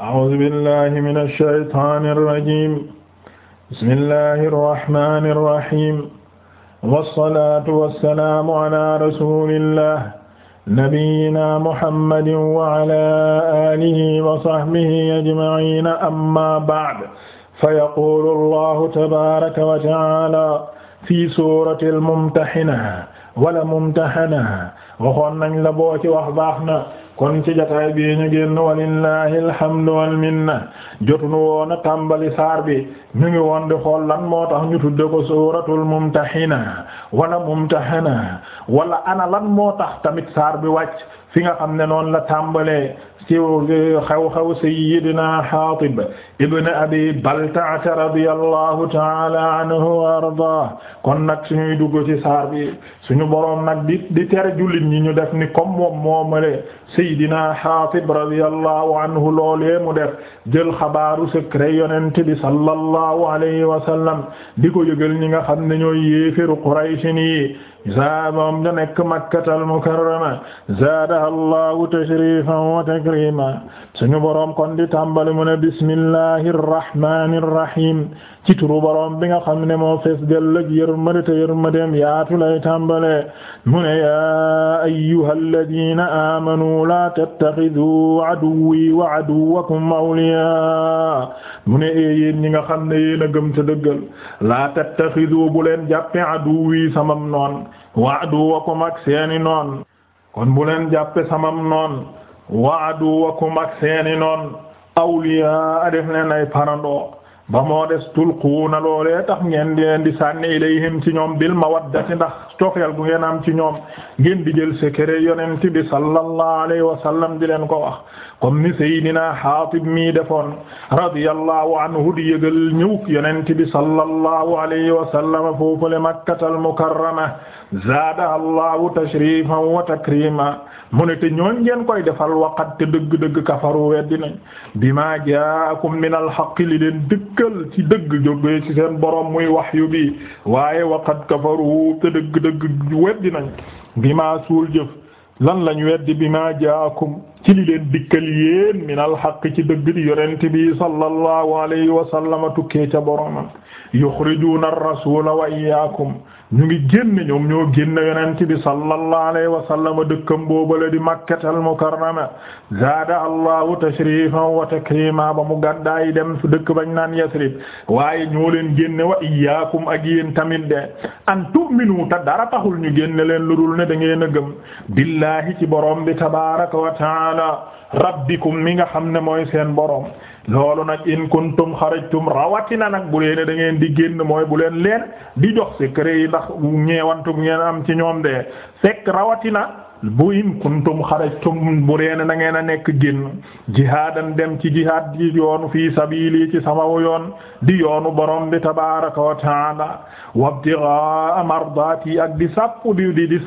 أعوذ بالله من الشيطان الرجيم بسم الله الرحمن الرحيم والصلاة والسلام على رسول الله نبينا محمد وعلى آله وصحبه أجمعين أما بعد فيقول الله تبارك وتعالى في سورة الممتحنة ولا ممتحنة waxoon nañ la boo ci wax baax na kon ci jotaay bi ñu génn walillahi alhamdu wal minna jotuñu woon a tàmbali saar bi ñu ngi woon di xool lan moo tax ñu tudde ko suuratul mumtahina wala mumtahana wala ana lan moo tax tamit saar bi wàcc fi nga xam ne noonu la tàmbalee ci xew-xew sayyidina Haatib ibn Abi Balta'a radiyallahu ta'ala anhu wa ardaah kon nag suñuy dugg ci saar bi suñu boroom nag di di tere jullit ñi ñu def ni comme moom moomale sayyidina Haatib radiyallahu anhu loolee mu def jël xabaaru secret yonent bi sallallahu alayhi wa sallam di ko yëgal ñi nga xam ne ñooy yéefiru Quraysh ni zaada moom da nekk Makkatal Mukarrama zaadaha Allahu tashrifan wa takriman alima suñu boroom kon di tàmbali mu ne bismillahi irrahmani irrahim ci turu boroom bi nga xam ne moo fees dellëg yërmande te yërmandeem yaatu lay tàmbale mu ne yaa ayyuha alladina aamanu laa tattaxidu aduwwi wa aduwwakum awliya mu ne ee yéen ñi nga xam ne yéen a gëm te dëggal laa tattaxidu bu leen jàppe aduwwi samam noon wa aduwwakum ak seeni noon kon bu leen jàppe samam noon wa aduwakum ak seeni noon awliyaa def leen ay parandoo ba moo des tulquuna loolee tax ngeen di leen di sànni ilayhim ci ñoom bil mawaddati ndax cofeel gu ngeen am ci ñoom ngeen di jël secret yonent bi sallallahu alayhi wa sallam di leen ko wax comme ni Seydina Xaatib mii defoon radiyallahu anhu di yëgal ñëw yonent bi sallallahu alayhi wa sallam foofule Makkatal Mukarrama zaada allahu tashrifan wa takrima mu ne te ñooñ ngeen koy defal waqat te dëgg-dëgg kafaru weddi bi bima jaakum min alxaq li leen dëkkal ci dëgg jógee ci seen borom muy wahyu bi waaye waqat kafaru te dëgg-dëgg weddi nañ bima suul jëf lan lañ weddi bima jaakum ci li leen dikkal yéen min alxaq ci dëgg di yonent bi sallallahu alayhi wa sallama tukkee ca boromam yuxrijuuna ar-rasuula wa iyyaakum ñu ngi génn ñoom ñoo génn yonent bi sallallahu alayhi wa sallama dëkkam boobale di makkatal mukarrama zaada allahu tashrifan wa takrima ba mu gàddaay dem su dëkk bañ naan yasrib waaye ñoo leen génne wa iyyaakum ak yéen tamit de an tu'minu ta dara taxul ñu génne leen lu dul ne da ngeen a gëm billahi ci borom bi tabaaraka wa ta'aala ala rabbikum mi nga xam ne mooy seen borom loolu nag in kuntum xarajtum rawatina nag bu leen da ngeen di génn mooy bu leen leen di jox secret yi ndax ñeewantu ngeen am ci ñoom de fekk rawatina. bu in kuntum xarajtum bu deen na ngeen a nekk génn jihaadan dem ci jihaad ci yoonu fii sabiili ci sama yoon di yoonu borom bi tabaaraka wa taala wabtigaa mardaati ak di sàkku di di li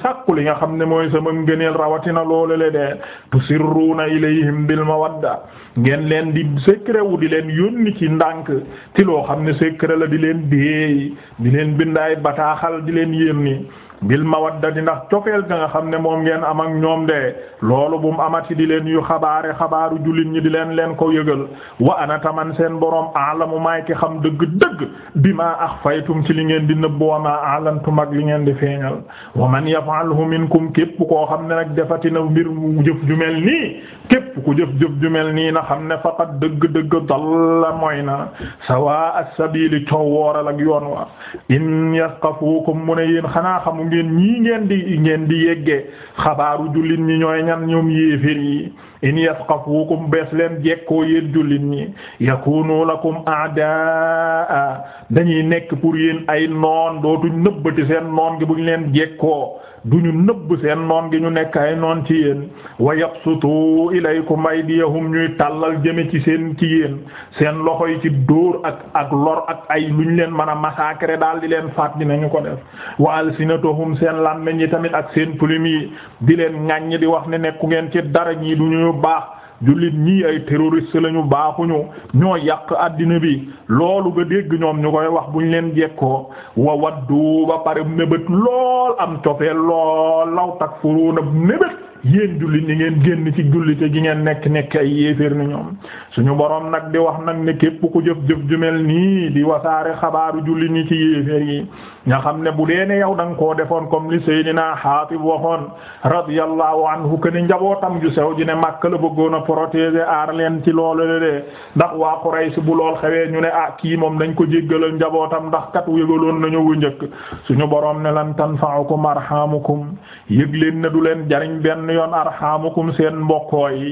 nga xam ne mooy sama ngëneel rawatina loolu le de tusirruuna ilayhim bil mawadda ngeen leen di secret wu di leen yónni ci ndànk ci loo xam ne secret la di leen déey di leen bindaay bataaxal di leen yónni bil mawaddati ndax cofeel ga nga xam ne moom ngeen am ak ñoom de loolu bu mu amati di leen yu xabaare xabaaru julit ñi di leen leen ko yëgal wa ana taman seen boroom aalamu maay ki xam dëgg dëgg bima axfaytum ci li ngeen di nëbb wa ma a'lantum ak li ngeen di feeñal wa man yaf'alhu minkum képp koo xam ne nag defatina mbir jëf ju mel nii képp ku jëf jëf ju mel nii na xam ne faqat dëgg-dëgg dalla mooy na sawa as-sabili coow wooral ak yoon wa in yasqafukum mu ne yéen xanaa xamu ngeen ñii ngeen di ngeen di yeggee xabaaru jullit ñi ñooy ñan ñoom yéefir yi in yasqafukum bees leen jekkoo yéen jullit ñi yakunu lakum a'daa dañuy nekk pour yéen ay noon dootuñ nëbbati seen noon gi bu ñu leen jekkoo ñu nëbb seen noon gi ñu nekk ay noon ci yéen wa yabsutu ilaykum aydiyahum ñuy tàllal jëme ci seen ci yéen seen loxo yi ci dóor ak ak lor ak ay lu ñu leen mën a massacrer daal di leen faat dinañu ko def wa alsinatuhum seen làmmiñ yi tamit ak seen plume yi di leen ŋàññ di wax ne nekku ngeen ci dara ñu baax jullit ñii ay terroriste lañu baaxuñu ñoo yàq àddina bi loolu ba dégg ñoom ñu koy wax buñ leen jekkoo wa waddu ba pare mébét lool am cofee lool law takfuruuna mébét yéen jullit ñi ngeen génn ci jullite gi ngeen nekk nekk ay yéeféer ni ñoom suñu boroom nag di wax nag ne képp ku jëf-jëf ju mel nii di wasaare xabaaru jullit ñi ci yéeféer yi nga xam ne bu dee ne yow da nga koo defoon comme li Seydina Xaatib waxoon radiyallahu anhu que ni njabootam ju sew ji ne Makka la bëggoon a protéger aar leen ci loolu la de ndax waa Quraysh bu lool xewee ñu ne ah kii moom dañ ko jéggalal njabootam ndax kat yëgaloon nañu wu njëkk suñu boroom ne lan tanfa'ukum arhamukum yëg leen ne leen jariñ benn benn yoon arxaamukum seen mbokkoo yi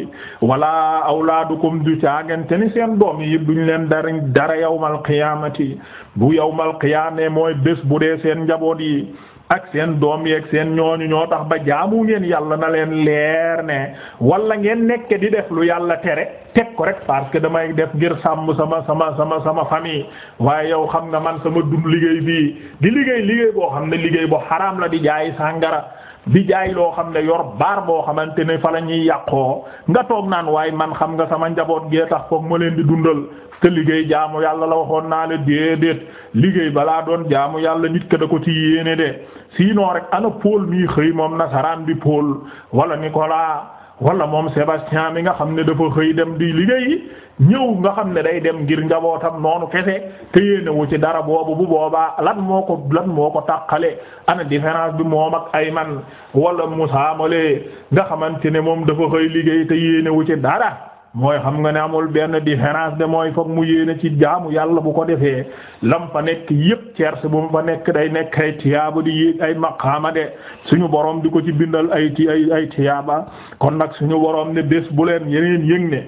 wala awlaadukum du caagante ni seen doom yi ñu leen dara dara yawmal qiyaamati bu yawmal qiyaame mooy bés bu dee seen njaboot yi ak seen doom yeeg seen ñooñu ñoo tax ba jaamu ngeen yàlla na leen leer ne wala ngeen nekke di def lu yàlla tere teg ko rek parce que damay def ngir sàmm sama sama sama sama yi waaye yow xam nga man sama dund liggéey bii di liggéey liggéey boo xam ne liggéey bu xaraam la di jaay sàngara di jaay loo xam ne yor baar boo xamante ne fa la ñuy yàqoo nga toog naan waaye man xam nga sama njaboot gee tax foog ma leen di dundal te liggéey jaamu yàlla la waxoon naa la déedéet liggéey balaa doon jaamu yàlla nit ka da ko ci yéene de sinon rek ana Paul mii xëy moom nasaraan bi Paul wala Nicolas. wala moom Sébastien mi nga xam ne dafa xëy dem di liggéeyi ñëw nga xam ne day dem ngir njabootam noonu kese te yéenewu ci dara boobu bu boobaa lan moo ko lan moo ko tàqale ana différence bi moom ak Ayman wala Moussa Mole nga xamante ne moom dafa xëy liggéey te yéenewu ci dara. mooy xam nga ne amul benn différence de mooy foog mu yéene ci jaamu yàlla bu ko defee lam fa nekk yépp cerce bu mu fa nekk day nekk ay tiyaaba di ay maqaama de suñu borom di ko ci bindal ay ti ay ay tiyaaba kon nag suñu borom ne bés bu leen yeneen yëng ne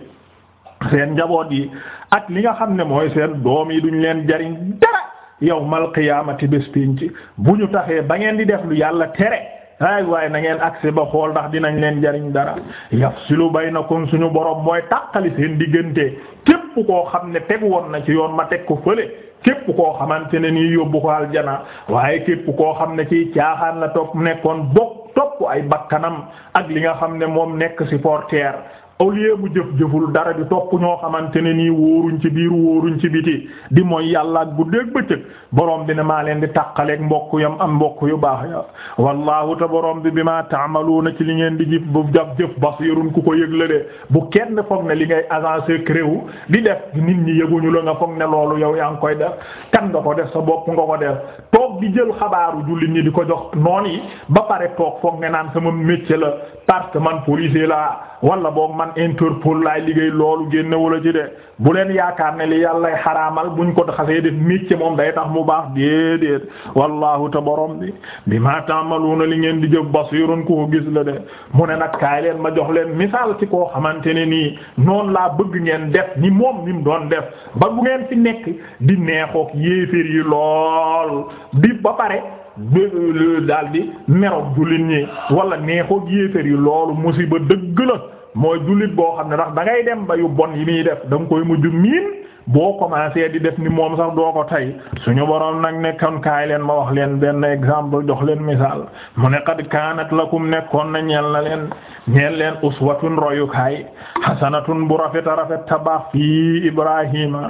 seen njaboot yi ak li nga xam ne mooy seen doom yi duñ leen jariñ dara yawmal qiyaamati bés pinc bu ñu taxee ba ngeen di def lu yàlla tere ay waaye na ngeen accès ba xool ndax dinañ leen jariñ dara si lu yafsilu baynakum suñu borom mooy tàqali seen diggante képp koo xam ne teg woon na ci yoon ma teg ko fële képp koo xamante ne nii yóbbu ko aljana waaye képp koo xam ne ci caaxaan la topp nekkoon bokk topp ay bakkanam ak li nga xam ne moom nekk si supporter au lieu mu jëf jëful dara di ku ñoo xamante ne nii wóoruñ ci biir wóoruñ ci biti di mooy yàllaa ak guddeeg bëccëg boroom bi ne maa leen di tàqaleeg mbokk yam am mbokk yu baax ya wallaahu te boroom bi bi maa taamaluuna ci li ngeen di jëf bu jaf jëf basiirun ku ko yëg la de bu kenn foog ne li ngay agencer créwu di def nit ñi yëguñu la nga foog ne loolu yow yaa ngi koy def kan nga ko def sa bopp nga ko def toog di jël xabaaru jullit ñi di ko jox noon yi ba pare toog foog ne naan sama métier la parce que la wala boog man naan Interpol laay liggéey loolu génnewula ci de bu leen yaakaar na li yàllay xaraamal buñ ko xasee def métier moom day tax mu baax déedéet wallahu te borom bi bi ma tàmmaluuna li ngeen di jëf basirun ku ko gis la de mu ne nag kaay leen ma jox leen misaal ci koo xamante ne nii noonu laa bëgg ngeen def ni moom ni mu doon def ba bu ngeen fi nekk di neexook yéeféer yi lool di ba pare euh, daal di meroog jullit ñi wala neexook yéeféer yi loolu musiba dëgg la mooy jullit boo xam ne ndax da dem ba yu bon yi muy def da nga koy mujj miin boo commencé di def ni moom sax doo ko tey suñu boroom nag nekkoon kaay leen ma wax leen benn exemple jox leen misaal mu ne qad kaanat lakum nekkoon na ñeel na leen ñeel leen uswatun royukaay hasanatun bu rafet a rafet ta baax fii Ibrahima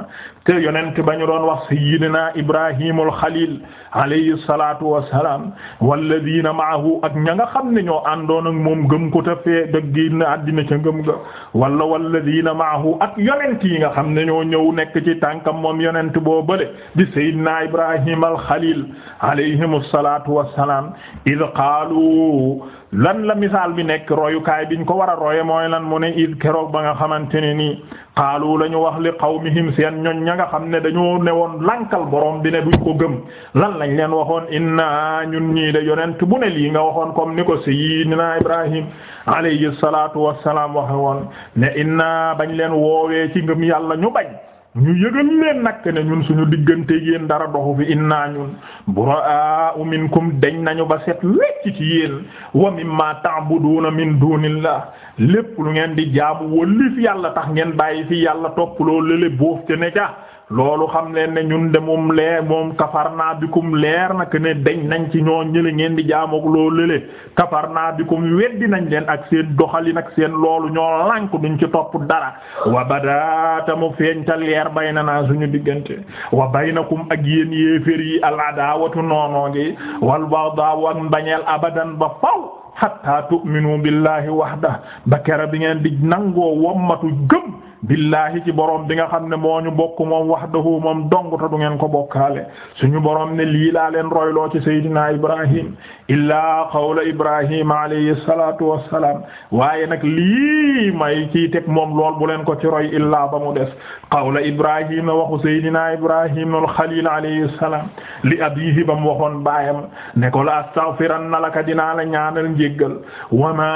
te yonent ba ñu doon wax sayyidina ibrahimul xalil alayhi salatu wassalam walladina maahu ak ña nga xam ne ñoo àndoon ak moom gëm ko te fee dëgg na àddina ca ngëm ga wala walladina maahu ak yonent yi nga xam ne ñoo ñëw nekk ci tànkam moom yonent boo bële di sayyidina ibrahim al xalil alayhimu salatu wassalam id qaalu lan la misaal bi nekk royukaay bi ñu ko war a roye mooy lan mu ne id keroog ba nga xamante ne nii xaalu la ñu wax li qawmihim seen ñoñ ña nga xam ne dañoo ne woon lankal borom bi ne duñ ko gëm lan lañ leen waxoon inna ñun ñii de yonent bu ne lii nga waxoon comme ni ko sayyidina Ibrahim alayhi salaatu wassalaam waxe woon ne inna bañ leen woowee ci ngëm yàlla ñu bañ ñu yëgal leen nag ne ñun suñu diggante yéen dara doxu fi inna ñun buraa minkum deñ nañu ba set wecc ci yéen wa mimma ta'buduna min dunillah lépp lu ngeen di jaamu wëllif yàlla tax ngeen bàyyi fi yàlla topp loo lële boof ca ne ca loolu xam leen ne ñun de moom leer moom bi bikum leer na que ne dañ nañ ci ñoo ñële ngeen di jaamook loolu lële bi bikum weddi nañ leen ak seen doxalin ak seen loolu ñoo lànk duñ ci topp dara wa badaata mu feeñ ta leer bay na naa suñu diggante wa baynakum ak yéen yéeféer yi al adaawatu noonoo ngi wal baghdaaw ak mbañeel abadan ba faw hatta tu'minu billahi wahda ba kere bi ngeen di nangoo wommatu gëm billaahi ci borom bi nga xam ne moo ñu bokk moom wahdahu moom dong ta du ngeen ko bokkaale suñu borom ne lii laa leen royloo ci Seydina Ibrahim illaa qawla ibrahima alayhi salatu wassalam waaye nag lii may ci teg moom lool bu leen ko ci roy illaa ba mu des qawla ibrahima waxu saydina ibrahima alxalil alayhi salam li abihi bam waxoon baayam ne ko la astaghfiranna laka dinaa la ñaanal njéggal wa ma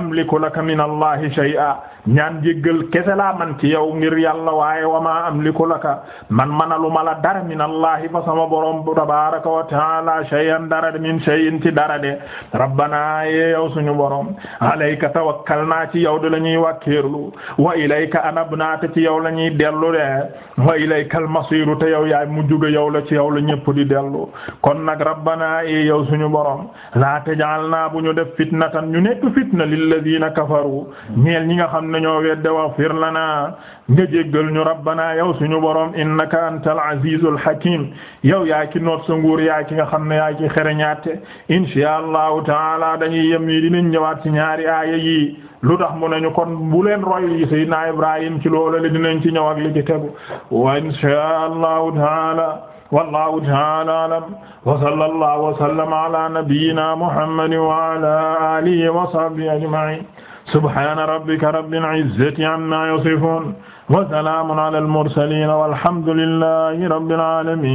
amliku laka min allahi shay'a ñaan njéggal kese laa man ci yow ngir yàlla waaye wa ma amliku laka man manalu ma la dara min allahi fa sama borom tabaraka wa taala shay'an dara min shay'in ci dara de rabbana ye yow suñu borom alayka tawakkalna ci yow de la ñuy wàkkeerlu wa ilayka anabna te ci yow la ñuy dellu de wa ilaykal masiru te yow yaay mu jóge yow la ci yow la ñépp di dellu kon nag rabbana ye yow suñu borom la taj'alna bu ñu def fitnatan ñu nekk fitna lilladina kafaru ñeel ñi nga xam ne ñoo wedde waghfir lana nga jéggal ñu rabbana yow suñu borom innaka antal azizul hakim yow yaa ki noot sa nguur ki nga xam ne yaa ki xereñaate insha allahu taala dañuy yem nii dinañ ñëwaat ci ñaari aaya yi lu tax mu nañu kon bu leen roy sayyidina Ibrahim ci loolu la dinañ ci ñëw ak li ci tegu wa insha allahu taala wallahu taala alam wa sallallahu wa sallama ala nabiyyina muhammadin wa ala alihi wa sahbihi ajma'in subhana rabbika rabbil izzati amma yasifun wa salamun ala al mursalin walhamdulillahi rabbil alamin